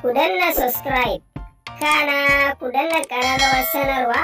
ku danna subscribe kana ku danna ƙararrawar sanarwa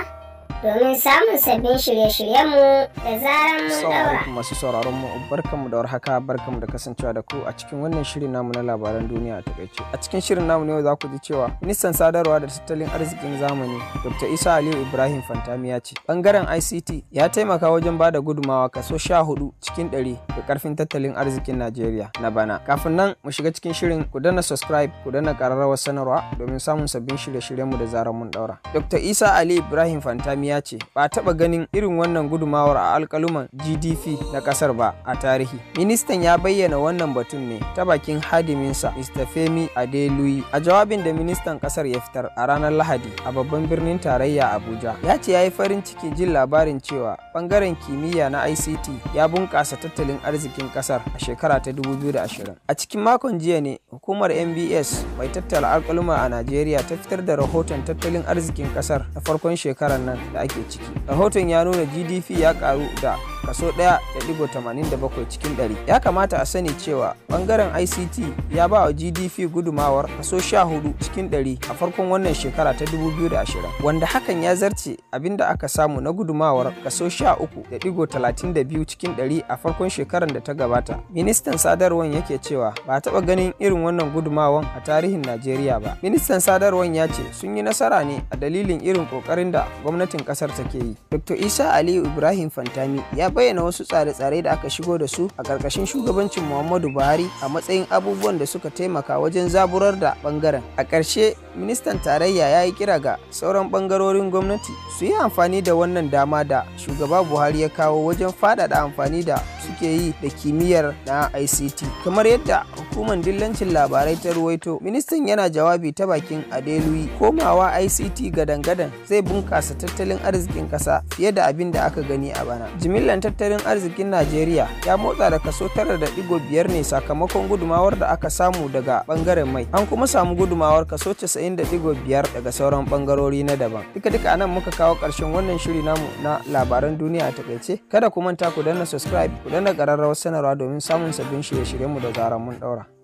domin samun sabbin shirye-shiryenmu da zaran mun daura. masu sauraron mu barkanmu da warhaka barkanmu da kasancewa da ku a cikin wannan shirin namu na labaran duniya a takaice. A cikin shirin namu ne za ku ji cewa ministan sadarwa da tattalin arzikin zamani Dr. Isa Aliyu Ibrahim Fantami ya ce bangaren ICT ya taimaka wajen ba da gudumawa kaso sha hudu cikin ɗari da karfin tattalin arzikin Najeriya na bana. Kafin nan mu shiga cikin shirin ku danna subscribe ku danna kararrawar sanarwa domin samun sabbin shirye-shiryenmu da zarar mun daura. Dr. Isa Ali Ibrahim Fantami Islamiya ce, ba taba ganin irin wannan gudumawar a alkaluman GDP na kasar ba a tarihi. Ministan ya bayyana wannan batun ne ta bakin hadiminsa Mr. Femi Adeluyi a jawabin da ministan kasar ya fitar a ranar Lahadi a babban birnin tarayya Abuja. Ya ce ya yi farin ciki jin labarin cewa bangaren kimiyya na ICT ya bunkasa tattalin arzikin kasar a shekara ta 2020. A cikin makon jiya ne hukumar MBS mai tattala alkaluma a Najeriya ta fitar da rahoton tattalin arzikin kasar na farkon shekarar nan da ake ciki rahoton ya nuna gdp ya karu da kaso 1.87 cikin 100 ya kamata a sani cewa bangaren ict ya ba wa gdp gudumawar kaso 14 cikin 100 a farkon wannan shekara ta 2020 wanda hakan ya zarce abin da aka samu na gudumawar kaso 13.32 cikin 100 a farkon shekarar da ta gabata ministan sadarwar yake cewa ba a taɓa ganin irin wannan gudumawan a tarihin najeriya ba ministan sadarwar ya ce sun yi nasara ne a dalilin irin kokarin da gwamnatin gwamnatin kasar take yi. Dr. Isa Aliyu Ibrahim Fantami ya bayyana wasu tsare-tsare da aka shigo da su a ƙarƙashin shugabancin Muhammadu Buhari a matsayin abubuwan da suka taimaka wajen zaburar da ɓangaren A ƙarshe ministan tarayya ya yi kira ga sauran bangarorin gwamnati su yi amfani da wannan dama da shugaba buhari ya kawo wajen faɗaɗa amfani da suke yi da kimiyyar na ict kamar yadda hukumar dillancin labarai ta ruwaito ministan yana jawabi ta bakin adeluyi komawa ict gadan-gadan zai bunkasa tattalin arzikin ƙasa fiye da abin da aka gani a bana jimillan tattalin arzikin najeriya ya motsa da kaso tara da digo biyar ne sakamakon gudumawar da aka samu daga bangaren mai an kuma samu gudumawar kaso casa'in 90.5 daga sauran bangarori na daban. Duka duka anan muka kawo ƙarshen wannan shiri namu na labaran duniya a takaice. Kada ku manta ku danna subscribe ku danna ƙararrawar sanarwa domin samun sabbin shirye-shiryenmu da zaran mun ɗaura.